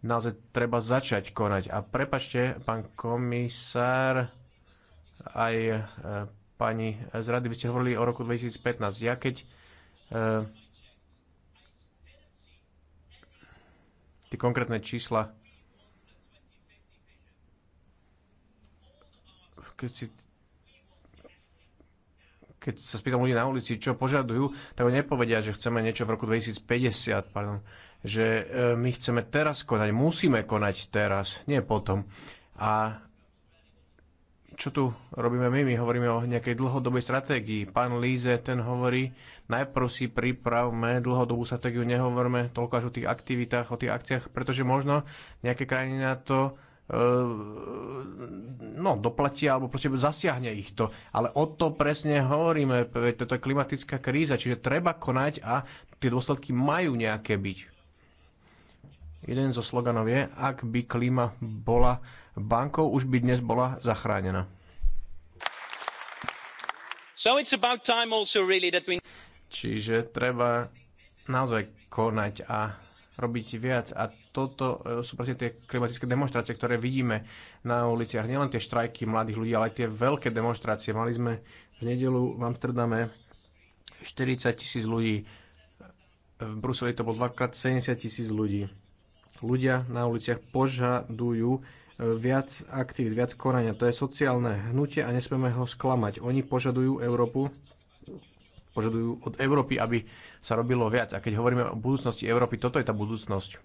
naozaj treba začať konať. A prepačte, pán komisár, aj e, pani z rady, vy ste hovorili o roku 2015. Ja keď eh, tie konkrétne čísla, keď si keď sa spýtam ľudí na ulici, čo požadujú, tak oni nepovedia, že chceme niečo v roku 2050, pardon. že eh, my chceme teraz konať, musíme konať teraz, nie potom. A čo tu robíme my? My hovoríme o nejakej dlhodobej stratégii. Pán Líze, ten hovorí, najprv si pripravme dlhodobú stratégiu, nehovorme toľko až o tých aktivitách, o tých akciách, pretože možno nejaké krajiny na to e, no, doplatia alebo proste zasiahne ich to. Ale o to presne hovoríme, veď toto je klimatická kríza, čiže treba konať a tie dôsledky majú nejaké byť. Jeden zo sloganov je, ak by klíma bola bankou, už by dnes bola zachránená. So it's about time also really that we... Čiže treba naozaj konať a robiť viac. A toto e, sú presne tie klimatické demonstrácie, ktoré vidíme na uliciach. Nielen tie štrajky mladých ľudí, ale aj tie veľké demonstrácie. Mali sme v nedelu v Amsterdame 40 tisíc ľudí. V Bruseli to bol dvakrát 70 tisíc ľudí Ľudia na uliciach požadujú e, viac aktivít, viac konania. To je sociálne hnutie a nesmieme ho sklamať. Oni požadujú Európu, požadujú od Európy, aby sa robilo viac. A keď hovoríme o budúcnosti Európy, toto je tá budúcnosť.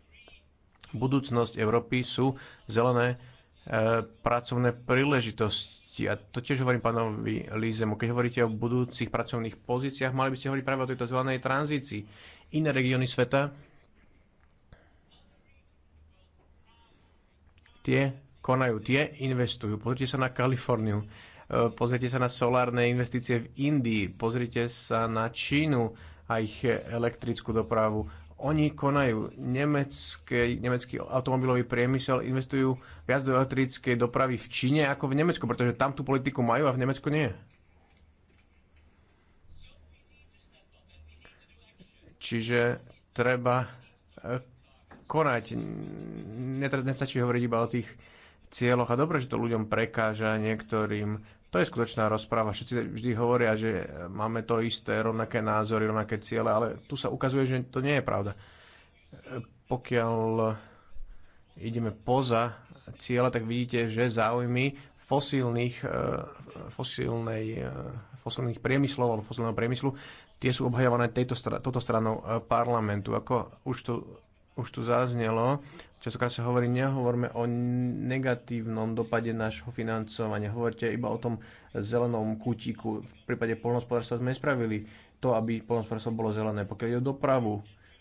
Budúcnosť Európy sú zelené e, pracovné príležitosti. A to tiež hovorím pánovi Lízemu. Keď hovoríte o budúcich pracovných pozíciách, mali by ste hovoriť práve o tejto zelenej tranzícii. Iné regióny sveta tie konajú, tie investujú. Pozrite sa na Kaliforniu, e, pozrite sa na solárne investície v Indii, pozrite sa na Čínu a ich elektrickú dopravu. Oni konajú. Nemecké, nemecký automobilový priemysel investujú viac do elektrickej dopravy v Číne ako v Nemecku, pretože tam tú politiku majú a v Nemecku nie. Čiže treba e, konať. Nestačí hovoriť iba o tých cieľoch a dobre, že to ľuďom prekáža niektorým. To je skutočná rozpráva. Všetci vždy hovoria, že máme to isté, rovnaké názory, rovnaké ciele, ale tu sa ukazuje, že to nie je pravda. Pokiaľ ideme poza cieľa, tak vidíte, že záujmy fosílnych, e, fosílnej, e, fosílnych priemyslov alebo fosílneho priemyslu, tie sú obhajované tejto, touto stranou e, parlamentu. Ako už to už tu zaznelo, častokrát sa hovorí, nehovorme o negatívnom dopade nášho financovania. Hovorte iba o tom zelenom kútiku. V prípade polnospodárstva sme nespravili to, aby polnospodárstvo bolo zelené. Pokiaľ je o dopravu,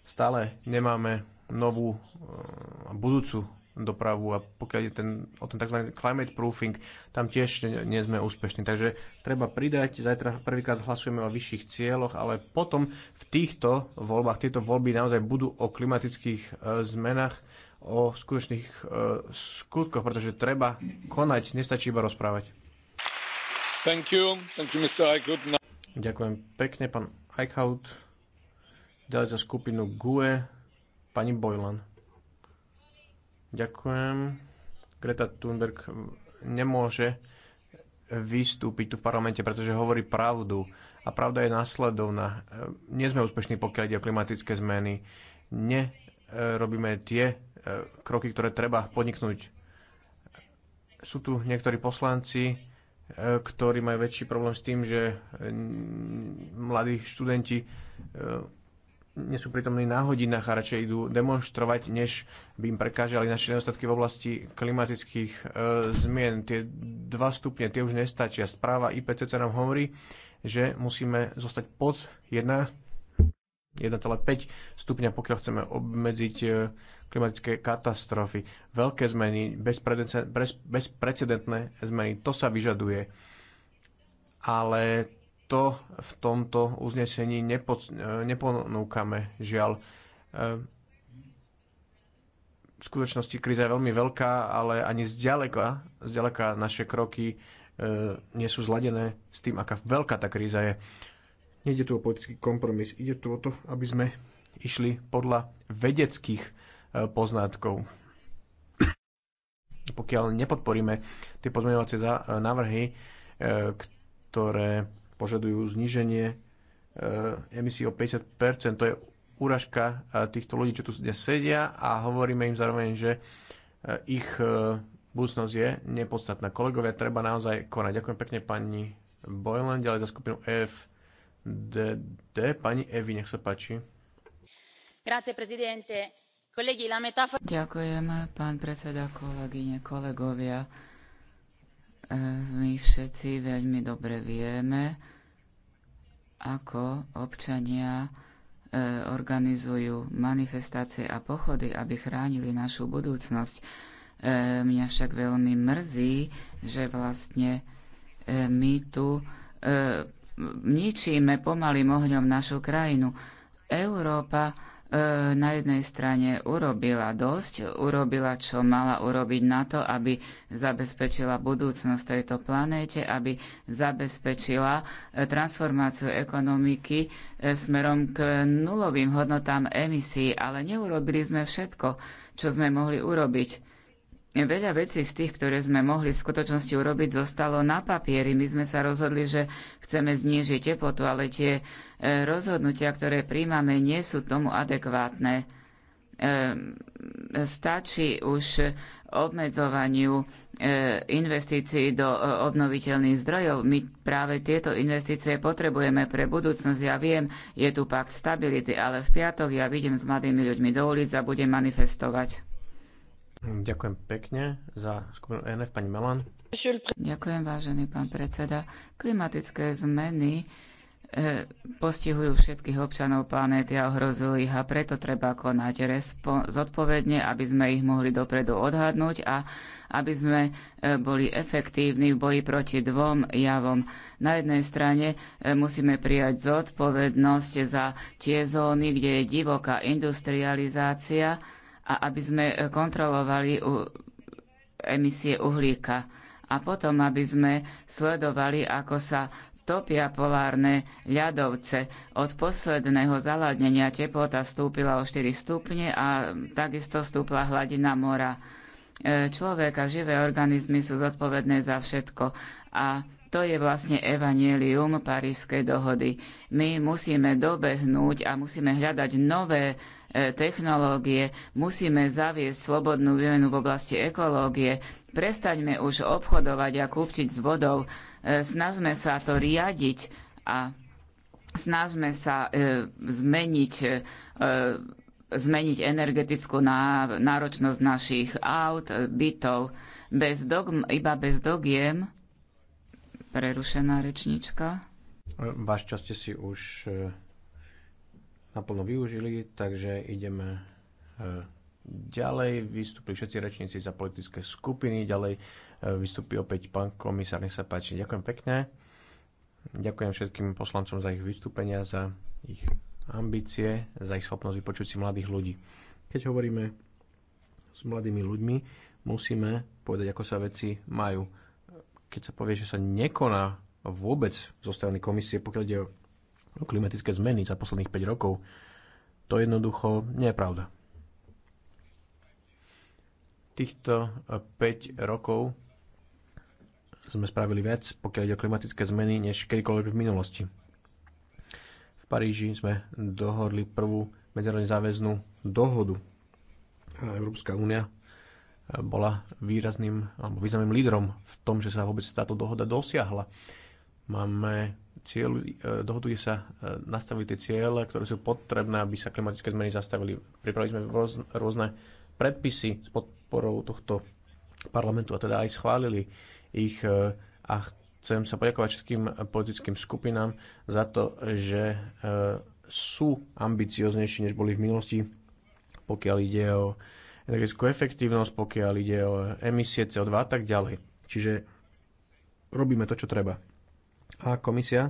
stále nemáme novú a eh, budúcu dopravu a pokiaľ je ten, o ten tzv. climate proofing, tam tiež nie sme úspešní. Takže treba pridať, zajtra prvýkrát hlasujeme o vyšších cieľoch, ale potom v týchto voľbách, tieto voľby naozaj budú o klimatických e, zmenách, o skutočných e, skutkoch, pretože treba konať, nestačí iba rozprávať. Thank you. Thank you, Mr. Ďakujem pekne, pán Eichhout. Ďalej za skupinu GUE, pani Bojlan. Ďakujem. Greta Thunberg nemôže vystúpiť tu v parlamente, pretože hovorí pravdu. A pravda je následovná. Nie sme úspešní, pokiaľ ide o klimatické zmeny. Nerobíme e, tie e, kroky, ktoré treba podniknúť. Sú tu niektorí poslanci, e, ktorí majú väčší problém s tým, že mladí študenti nie sú pritomní na hodinách a radšej idú demonstrovať, než by im prekážali naše nedostatky v oblasti klimatických e, zmien. Tie dva stupne, tie už nestačia. Správa IPCC nám hovorí, že musíme zostať pod 1,5 stupňa, pokiaľ chceme obmedziť e, klimatické katastrofy. Veľké zmeny, bezprecedentné zmeny, to sa vyžaduje. Ale to v tomto uznesení nepo, neponúkame, žiaľ. E, v skutočnosti kríza je veľmi veľká, ale ani zďaleka, zďaleka naše kroky e, nie sú zladené s tým, aká veľká tá kríza je. Nejde tu o politický kompromis, ide tu o to, aby sme išli podľa vedeckých e, poznátkov. Pokiaľ nepodporíme tie pozmeňovacie návrhy, ktoré požadujú zníženie e, emisí o 50%. To je úražka e, týchto ľudí, čo tu dnes sedia a hovoríme im zároveň, že e, ich budúcnosť je nepodstatná. Kolegovia, treba naozaj konať. Ďakujem pekne pani Boylan, ďalej za skupinu FDD. Pani Evi, nech sa páči. Grazie, prezidente. Kolegi, la metafora... Ďakujem, pán predseda, kolegyne, kolegovia. My všetci veľmi dobre vieme, ako občania e, organizujú manifestácie a pochody, aby chránili našu budúcnosť. E, mňa však veľmi mrzí, že vlastne e, my tu ničíme pomalým ohňom našu krajinu. Európa E, na jednej strane urobila dosť, urobila, čo mala urobiť na to, aby zabezpečila budúcnosť tejto planéte, aby zabezpečila e, transformáciu ekonomiky e, smerom k nulovým hodnotám emisí, ale neurobili sme všetko, čo sme mohli urobiť Veľa vecí z tých, ktoré sme mohli v skutočnosti urobiť, zostalo na papieri. My sme sa rozhodli, že chceme znížiť teplotu, ale tie e, rozhodnutia, ktoré príjmame, nie sú tomu adekvátne. E, stačí už obmedzovaniu e, investícií do obnoviteľných zdrojov. My práve tieto investície potrebujeme pre budúcnosť. Ja viem, je tu pakt stability, ale v piatok ja vidím s mladými ľuďmi do ulic a budem manifestovať. Mm, ďakujem pekne za skupinu ENF, pani Melan. Ďakujem, vážený pán predseda. Klimatické zmeny e, postihujú všetkých občanov planéty a ohrozujú ich a preto treba konať zodpovedne, aby sme ich mohli dopredu odhadnúť a aby sme e, boli efektívni v boji proti dvom javom. Na jednej strane e, musíme prijať zodpovednosť za tie zóny, kde je divoká industrializácia, a aby sme e, kontrolovali emisie uhlíka. A potom, aby sme sledovali, ako sa topia polárne ľadovce. Od posledného zaladnenia teplota stúpila o 4 stupne a takisto stúpla hladina mora. E, človek a živé organizmy sú zodpovedné za všetko. A to je vlastne evanielium Parískej dohody. My musíme dobehnúť a musíme hľadať nové E, technológie, musíme zaviesť slobodnú výmenu v oblasti ekológie, prestaňme už obchodovať a kúpčiť s vodou, e, snažme sa to riadiť a snažme sa e, zmeniť zmeniť energetickú náročnosť našich aut, bytov. Bez dogm, iba bez dogiem prerušená rečnička. Váš čas ste si už naplno využili, takže ideme e, ďalej. Vystúpili všetci rečníci za politické skupiny, ďalej e, vystúpi opäť pán komisár, nech sa páči. Ďakujem pekne. Ďakujem všetkým poslancom za ich vystúpenia, za ich ambície, za ich schopnosť vypočuť si mladých ľudí. Keď hovoríme s mladými ľuďmi, musíme povedať, ako sa veci majú. Keď sa povie, že sa nekoná vôbec zo strany komisie, pokiaľ ide o klimatické zmeny za posledných 5 rokov. To jednoducho nie je pravda. Týchto 5 eh, rokov sme spravili viac, pokiaľ ide o klimatické zmeny, než kedykoľvek v minulosti. V Paríži sme dohodli prvú medzinárodne záväznú dohodu. A Európska únia eh, bola výrazným alebo významným lídrom v tom, že sa vôbec táto dohoda dosiahla. Máme cieľ, e, dohodujú sa e, nastaviť tie cieľe, ktoré sú potrebné, aby sa klimatické zmeny zastavili. Pripravili sme rôzne predpisy s podporou tohto parlamentu a teda aj schválili ich e, a chcem sa poďakovať všetkým politickým skupinám za to, že sú ambicioznejší, než boli v minulosti, pokiaľ ide o energetickú efektívnosť, pokiaľ ide o emisie CO2 a tak ďalej. Čiže robíme to, čo treba a komisia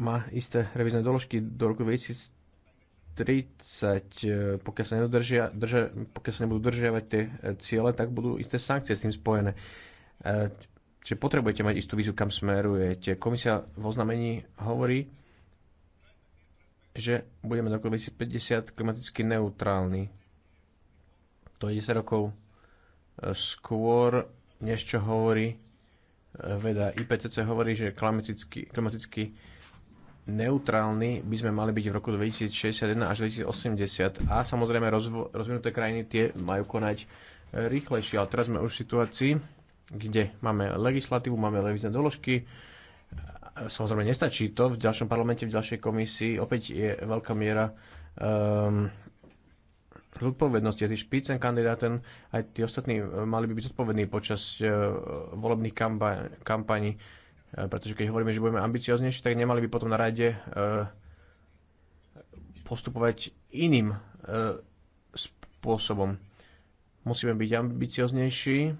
má isté revizné doložky do roku 2030. Pokiaľ sa, nedodržia, drža, pokiaľ sa nebudú držiavať tie e, ciele, tak budú isté sankcie s tým spojené. E, čiže potrebujete mať istú vízu, kam smerujete. Komisia v oznamení hovorí, že budeme do roku 2050 klimaticky neutrálni. To je 10 rokov e, skôr, než čo hovorí veda IPCC hovorí, že klimaticky, klimaticky neutrálny by sme mali byť v roku 2061 až 2080 a samozrejme rozvo- rozvinuté krajiny tie majú konať e, rýchlejšie, ale teraz sme už v situácii, kde máme legislatívu, máme revízne doložky, e, samozrejme nestačí to, v ďalšom parlamente, v ďalšej komisii opäť je veľká miera um, zodpovednosti. Tí špicen kandidáten, aj tí ostatní e, mali by byť zodpovední počas e, volebných kampa- kampaní, e, pretože keď hovoríme, že budeme ambicioznejší, tak nemali by potom na rade postupovať iným spôsobom. Musíme byť ambicioznejší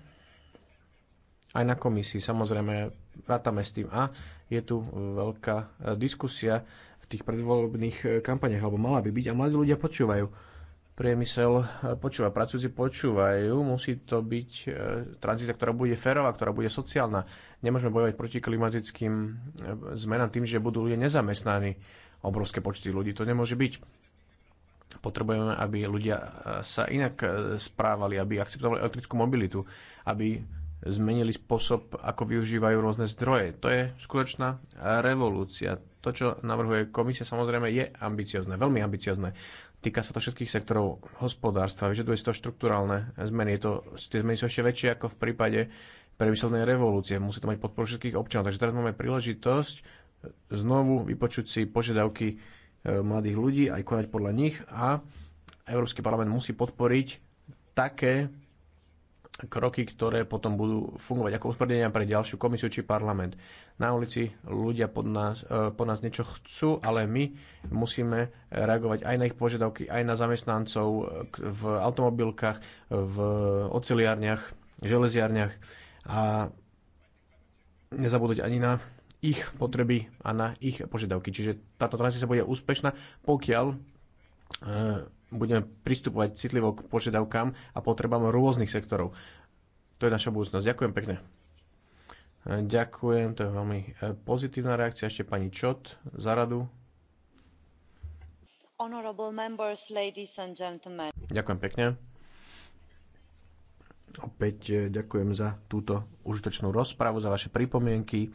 aj na komisii, samozrejme, vrátame s tým. A je tu veľká diskusia v tých predvolebných kampaniach, alebo mala by byť, a mladí ľudia počúvajú priemysel e, počúva, pracujúci počúvajú, musí to byť e, tranzícia, ktorá bude férová, ktorá bude sociálna. Nemôžeme bojovať proti klimatickým e, zmenám tým, že budú ľudia nezamestnaní. Obrovské počty ľudí to nemôže byť. Potrebujeme, aby ľudia sa inak správali, aby akceptovali elektrickú mobilitu, aby zmenili spôsob, ako využívajú rôzne zdroje. To je skutočná revolúcia. To, čo navrhuje komisia, samozrejme je ambiciozne, veľmi ambiciozne. Týka sa to všetkých sektorov hospodárstva, vyžaduje si to štruktúralne zmeny. Je to, tie zmeny sú ešte väčšie ako v prípade priemyselnej revolúcie. Musí to mať podporu všetkých občanov. Takže teraz máme príležitosť znovu vypočuť si požiadavky e, mladých ľudí, aj konať podľa nich a Európsky parlament musí podporiť také kroky, ktoré potom budú fungovať ako usporiadania pre ďalšiu komisiu či parlament. Na ulici ľudia pod nás, e, pod nás niečo chcú, ale my musíme reagovať aj na ich požiadavky, aj na zamestnancov e, v automobilkách, v oceliárniach, železiarniach a nezabúdať ani na ich potreby a na ich požiadavky. Čiže táto transícia bude úspešná, pokiaľ e, budeme pristupovať citlivo k požiadavkám a potrebám rôznych sektorov. To je naša budúcnosť. Ďakujem pekne. E, ďakujem, to je veľmi e, pozitívna reakcia. Ešte pani Čot za radu. Members, ďakujem pekne. Opäť e, ďakujem za túto užitočnú rozpravu, za vaše pripomienky.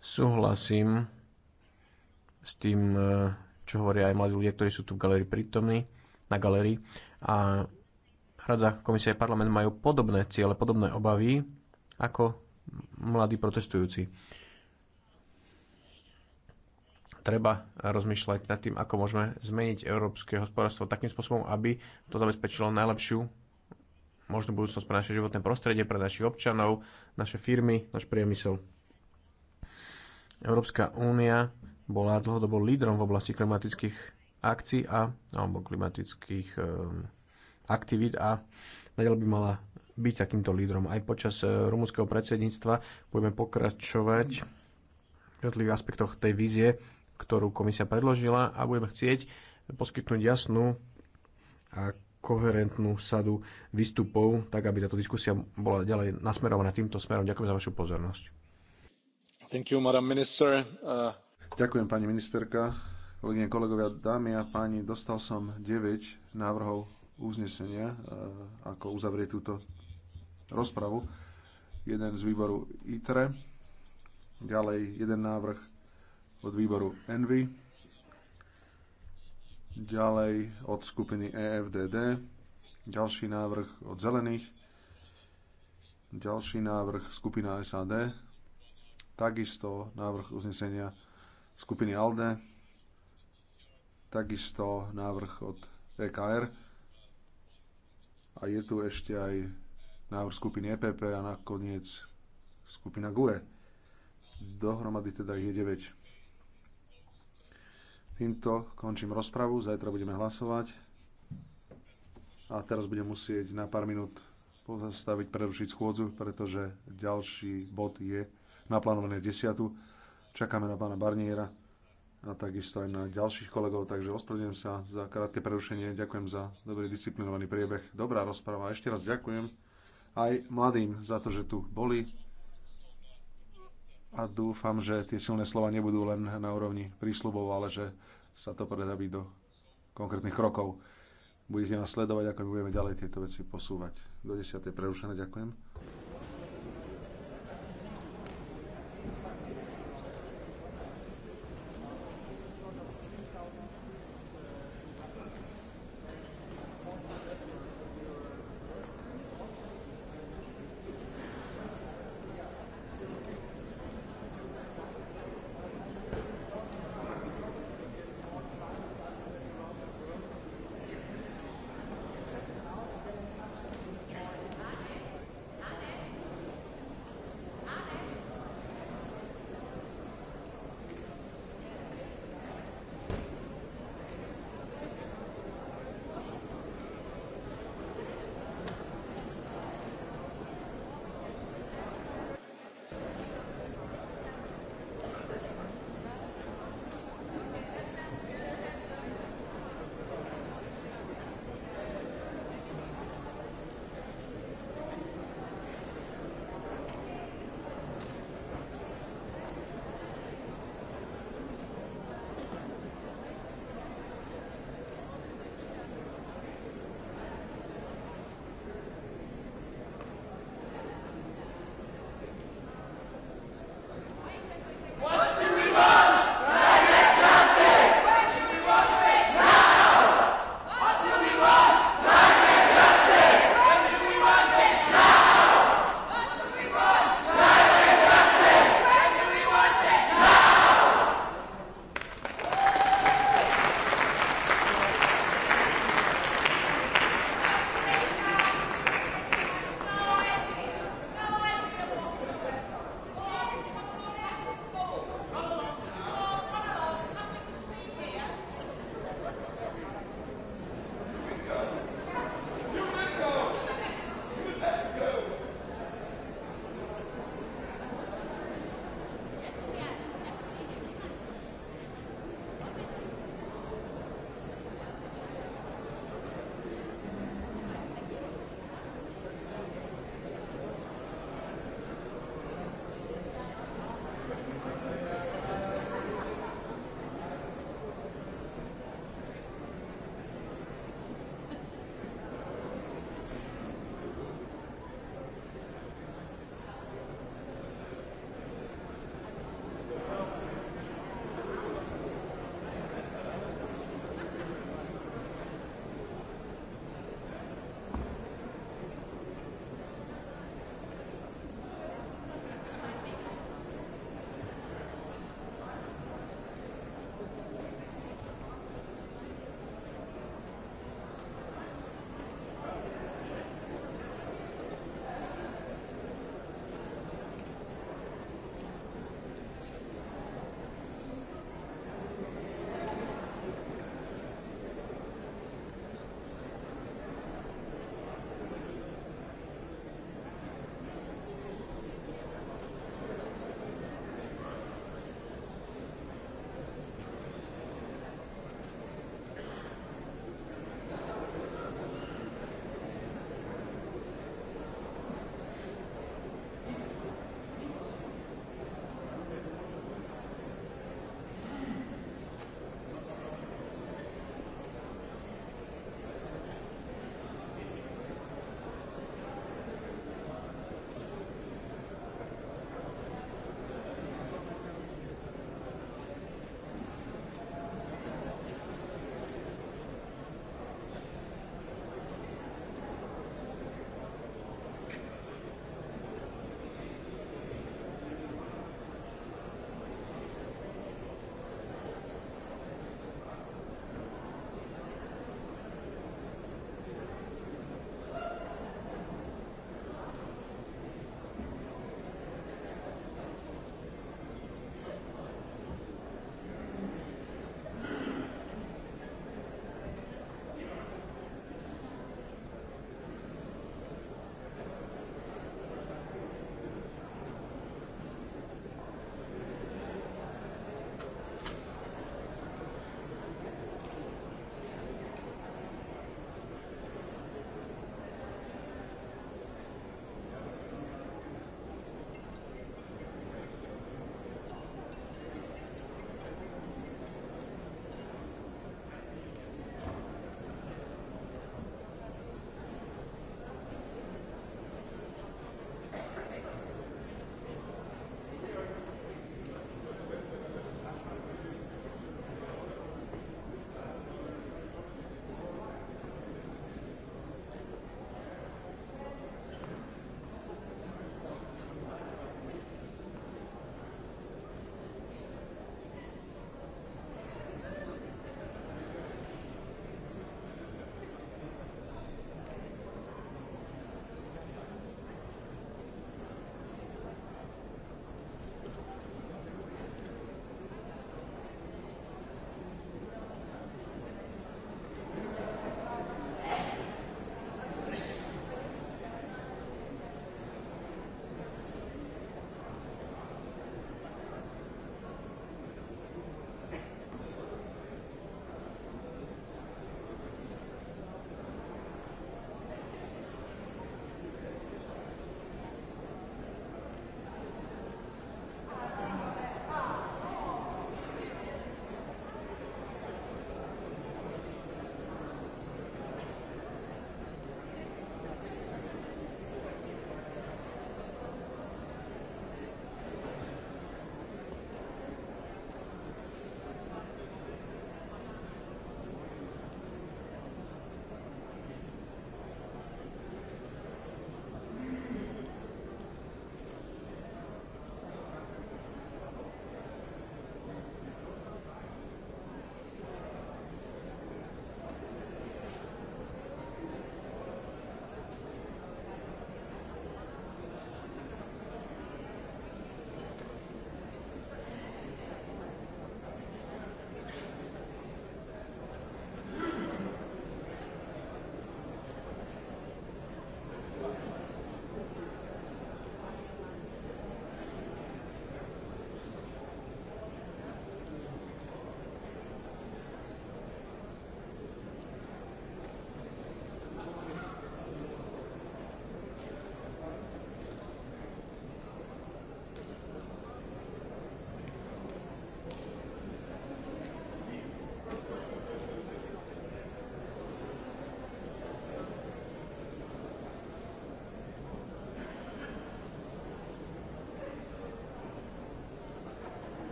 Súhlasím s tým, čo hovoria aj mladí ľudia, ktorí sú tu v galerii prítomní na galerii. A Rada, komisia a parlament majú podobné ciele, podobné obavy ako mladí protestujúci. Treba rozmýšľať nad tým, ako môžeme zmeniť európske hospodárstvo takým spôsobom, aby to zabezpečilo najlepšiu možnú budúcnosť pre naše životné prostredie, pre našich občanov, naše firmy, náš priemysel. Európska únia bola dlhodobo lídrom v oblasti klimatických akcií a, alebo klimatických ehm, aktivít a nadal by mala byť takýmto lídrom. Aj počas e, rumúnskeho predsedníctva budeme pokračovať v jednotlivých aspektoch tej vízie, ktorú komisia predložila a budeme chcieť poskytnúť jasnú a koherentnú sadu výstupov, tak aby táto diskusia bola ďalej nasmerovaná týmto smerom. Ďakujem za vašu pozornosť. Thank you, madam minister. Uh... Ďakujem, pani ministerka. Kolegyne, kolegovia, dámy a páni, dostal som 9 návrhov uznesenia, e, ako uzavrieť túto rozpravu. Jeden z výboru ITRE, ďalej jeden návrh od výboru ENVY, ďalej od skupiny EFDD, ďalší návrh od Zelených, ďalší návrh skupina SAD, takisto návrh uznesenia skupiny ALDE, takisto návrh od EKR a je tu ešte aj návrh skupiny EPP a nakoniec skupina GUE. Dohromady teda ich je 9. Týmto končím rozpravu, zajtra budeme hlasovať a teraz budem musieť na pár minút pozastaviť, prerušiť schôdzu, pretože ďalší bod je naplánované desiatu. Čakáme na pána Barniera a takisto aj na ďalších kolegov, takže ospravedlňujem sa za krátke prerušenie. Ďakujem za dobrý disciplinovaný priebeh. Dobrá rozpráva. Ešte raz ďakujem aj mladým za to, že tu boli a dúfam, že tie silné slova nebudú len na úrovni prísľubov, ale že sa to predaví do konkrétnych krokov. Budete nás sledovať, ako my budeme ďalej tieto veci posúvať. Do 10. prerušené, ďakujem.